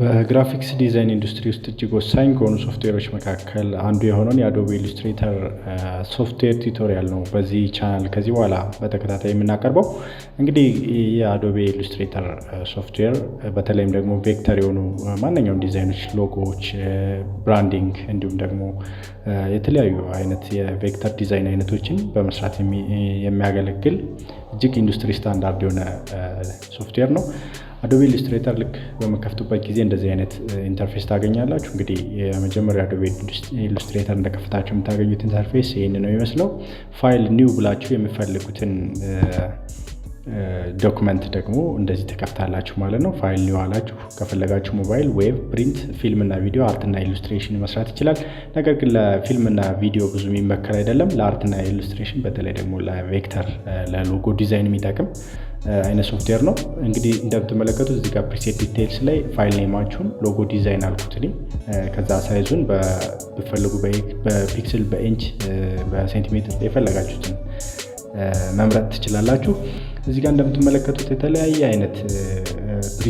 በግራፊክስ ዲዛይን ኢንዱስትሪ ውስጥ እጅግ ወሳኝ ከሆኑ ሶፍትዌሮች መካከል አንዱ የሆነውን የአዶቤ ኢሉስትሬተር ሶፍትዌር ቱቶሪያል ነው በዚህ ቻናል ከዚህ በኋላ በተከታታይ የምናቀርበው። እንግዲህ የአዶቤ ኢሉስትሬተር ሶፍትዌር በተለይም ደግሞ ቬክተር የሆኑ ማንኛውም ዲዛይኖች፣ ሎጎዎች፣ ብራንዲንግ እንዲሁም ደግሞ የተለያዩ አይነት የቬክተር ዲዛይን አይነቶችን በመስራት የሚያገለግል እጅግ ኢንዱስትሪ ስታንዳርድ የሆነ ሶፍትዌር ነው። አዶቤ ኢሉስትሬተር ልክ በመከፍቱበት ጊዜ እንደዚህ አይነት ኢንተርፌስ ታገኛላችሁ። እንግዲህ የመጀመሪያ አዶቤ ኢሉስትሬተር እንደከፍታችሁ የምታገኙት ኢንተርፌስ ይህን ነው የሚመስለው። ፋይል ኒው ብላችሁ የሚፈልጉትን ዶክመንት ደግሞ እንደዚህ ተከፍታላችሁ ማለት ነው። ፋይል ኒው አላችሁ። ከፈለጋችሁ ሞባይል፣ ዌብ፣ ፕሪንት፣ ፊልምና ቪዲዮ፣ አርትና ኢሉስትሬሽን መስራት ይችላል። ነገር ግን ለፊልምና ቪዲዮ ብዙ የሚመከር አይደለም። ለአርትና ኢሉስትሬሽን በተለይ ደግሞ ለቬክተር ለሎጎ ዲዛይን የሚጠቅም አይነት ሶፍትዌር ነው። እንግዲህ እንደምትመለከቱት እዚህ ጋር ፕሪሴት ዲቴይልስ ላይ ፋይል ኔማችሁን ሎጎ ዲዛይን አልኩት እኔ ከዛ ሳይዙን ብፈልጉ በፒክስል በኢንች በሴንቲሜትር የፈለጋችሁትን መምረጥ ትችላላችሁ። እዚህ ጋር እንደምትመለከቱት የተለያየ አይነት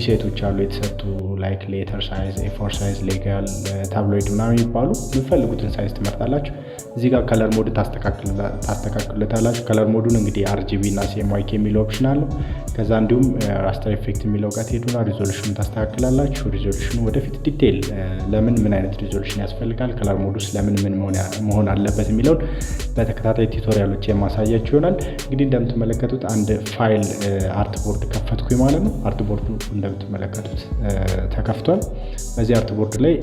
ሴቶች አሉ የተሰጡ ላይክ ሌተር ሳይዝ፣ ኤፎር ሳይዝ፣ ሌጋል፣ ታብሎይድ ምናምን የሚባሉ የምፈልጉትን ሳይዝ ትመርጣላችሁ። እዚህ ጋር ከለር ሞድ ታስተካክልለታላችሁ። ከለር ሞዱን እንግዲህ አርጂቢ እና ሲኤምዋይኬ የሚለው ኦፕሽን አለው። ከዛ እንዲሁም አፍተር ኢፌክት የሚለው ጋር ትሄዱና ሪዞሉሽን ታስተካክላላችሁ። ሪዞሉሽኑ ወደፊት ዲቴይል ለምን ምን አይነት ሪዞሉሽን ያስፈልጋል፣ ከለር ሞዱስ ለምን ምን መሆን አለበት የሚለውን በተከታታይ ቲቶሪያሎች የማሳያችሁ ይሆናል። እንግዲህ እንደምትመለከቱት አንድ ፋይል አርት ቦርድ ከፈትኩኝ ማለት ነው። አርት ቦርዱ እንደምትመለከቱት ተከፍቷል። በዚህ አርት ቦርድ ላይ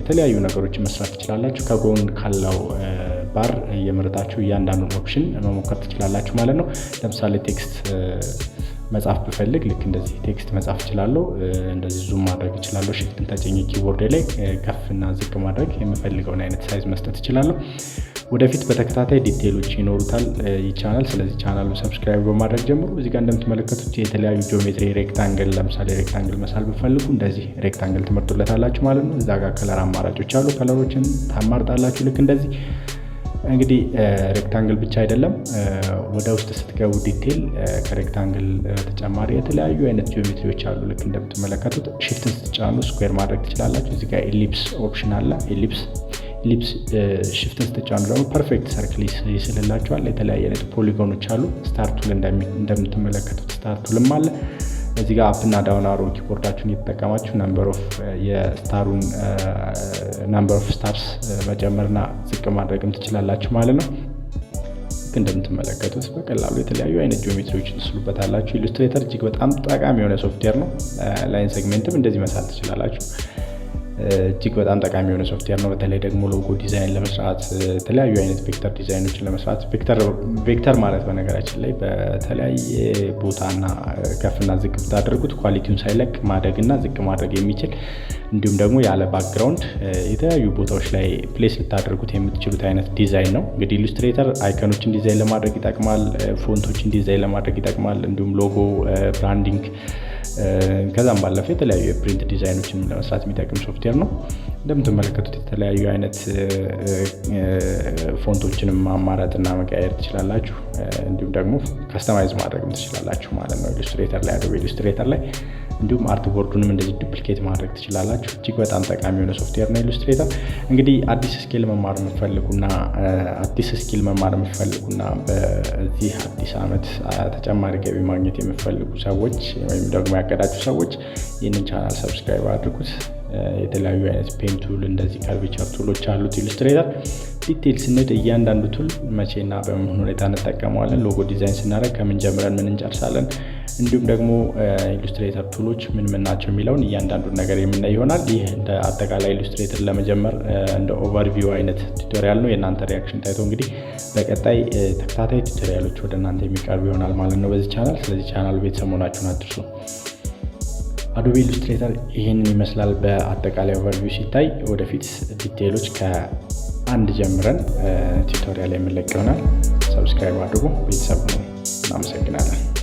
የተለያዩ ነገሮች መስራት ትችላላችሁ። ከጎን ካለው ባር እየመረጣችሁ እያንዳንዱን ኦፕሽን መሞከር ትችላላችሁ ማለት ነው። ለምሳሌ ቴክስት መጻፍ ብፈልግ ልክ እንደዚህ ቴክስት መጻፍ እችላለሁ። እንደዚህ ዙም ማድረግ እችላለሁ። ሽፍትን ተጭኜ ኪቦርድ ላይ ከፍና ዝቅ ማድረግ የምፈልገውን አይነት ሳይዝ መስጠት እችላለሁ። ወደፊት በተከታታይ ዲቴይሎች ይኖሩታል ይቻናል። ስለዚህ ቻናሉ ሰብስክራይብ በማድረግ ጀምሩ። እዚጋ እንደምትመለከቱት የተለያዩ ጂኦሜትሪ ሬክታንግል፣ ለምሳሌ ሬክታንግል መሳል ብፈልጉ እንደዚህ ሬክታንግል ትመርጡለታላችሁ ማለት ነው። እዛ ጋር ከለር አማራጮች አሉ። ከለሮችን ታማርጣላችሁ ልክ እንደዚህ እንግዲህ ሬክታንግል ብቻ አይደለም። ወደ ውስጥ ስትገቡ ዲቴል ከሬክታንግል ተጨማሪ የተለያዩ አይነት ጂኦሜትሪዎች አሉ። ልክ እንደምትመለከቱት ሽፍትን ስትጫኑ ስኩዌር ማድረግ ትችላላችሁ። እዚጋ ኤሊፕስ ኦፕሽን አለ። ኤሊፕስ ሊፕስ ሽፍትን ስትጫኑ ደግሞ ፐርፌክት ሰርክል ይስልላቸዋል። የተለያዩ አይነት ፖሊጎኖች አሉ። ስታርቱል እንደምትመለከቱት ስታርቱልም አለ። እዚህ ጋር አፕና ዳውን አሮ ኪቦርዳችሁን እየተጠቀማችሁ ነምበር ኦፍ uh, የስታሩን ኦፍ uh, ስታርስ uh, መጨመርና ዝቅ ማድረግም ትችላላችሁ ማለት ነው። ልክ እንደምትመለከቱት በቀላሉ የተለያዩ አይነት ጂኦሜትሪዎችን ትስሉበታላችሁ። ኢሉስትሬተር እጅግ በጣም ጠቃሚ የሆነ ሶፍትዌር ነው። ላይን ሴግሜንትም እንደዚህ መሳል ትችላላችሁ። እጅግ በጣም ጠቃሚ የሆነ ሶፍትዌር ነው። በተለይ ደግሞ ሎጎ ዲዛይን ለመስራት የተለያዩ አይነት ቬክተር ዲዛይኖችን ለመስራት ቬክተር ማለት በነገራችን ላይ በተለያየ ቦታና ከፍና ዝቅ ብታደርጉት ኳሊቲውን ሳይለቅ ማድረግና ዝቅ ማድረግ የሚችል እንዲሁም ደግሞ ያለ ባክግራውንድ የተለያዩ ቦታዎች ላይ ፕሌስ ልታደርጉት የምትችሉት አይነት ዲዛይን ነው። እንግዲህ ኢሉስትሬተር አይከኖችን ዲዛይን ለማድረግ ይጠቅማል። ፎንቶችን ዲዛይን ለማድረግ ይጠቅማል። እንዲሁም ሎጎ ብራንዲንግ ከዛም ባለፈ የተለያዩ የፕሪንት ዲዛይኖችን ለመስራት የሚጠቅም ሶፍትዌር ነው። እንደምትመለከቱት የተለያዩ አይነት ፎንቶችንም ማማረጥና መቀያየር ትችላላችሁ። እንዲሁም ደግሞ ከስተማይዝ ማድረግም ትችላላችሁ ማለት ነው ኢሉስትሬተር ላይ አዶቤ ኢሉስትሬተር ላይ እንዲሁም አርት ቦርዱንም እንደዚህ ዱፕሊኬት ማድረግ ትችላላችሁ። እጅግ በጣም ጠቃሚ የሆነ ሶፍትዌር ነው ኢሉስትሬተር። እንግዲህ አዲስ ስኪል መማር የምትፈልጉና አዲስ ስኪል መማር የምትፈልጉና በዚህ አዲስ ዓመት ተጨማሪ ገቢ ማግኘት የምትፈልጉ ሰዎች ወይም ደግሞ ያቀዳችሁ ሰዎች ይህንን ቻናል ሰብስክራይብ አድርጉት። የተለያዩ አይነት ፔን ቱል እንደዚህ ካልቪቸር ቱሎች አሉት ኢሉስትሬተር ዲቴል ስንል እያንዳንዱ ቱል መቼና በምን ሁኔታ እንጠቀመዋለን፣ ሎጎ ዲዛይን ስናደርግ ከምን ጀምረን ምን እንጨርሳለን፣ እንዲሁም ደግሞ ኢሉስትሬተር ቱሎች ምን ምን ናቸው የሚለውን እያንዳንዱን ነገር የምናይ ይሆናል። ይህ እንደ አጠቃላይ ኢሉስትሬተር ለመጀመር እንደ ኦቨርቪው አይነት ቱቶሪያል ነው። የእናንተ ሪያክሽን ታይቶ እንግዲህ በቀጣይ ተከታታይ ቱቶሪያሎች ወደ እናንተ የሚቀርቡ ይሆናል ማለት ነው በዚህ ቻናል። ስለዚህ ቻናሉ ቤተሰብ መሆናችሁን አትርሱ። አዶቤ ኢሉስትሬተር ይህንን ይመስላል በአጠቃላይ ኦቨርቪው ሲታይ። ወደፊት ዲቴሎች ከአንድ ጀምረን ቲቶሪያል የምንለቅ ይሆናል። ሰብስክራይብ አድርጉ ቤተሰብ ነው። እናመሰግናለን።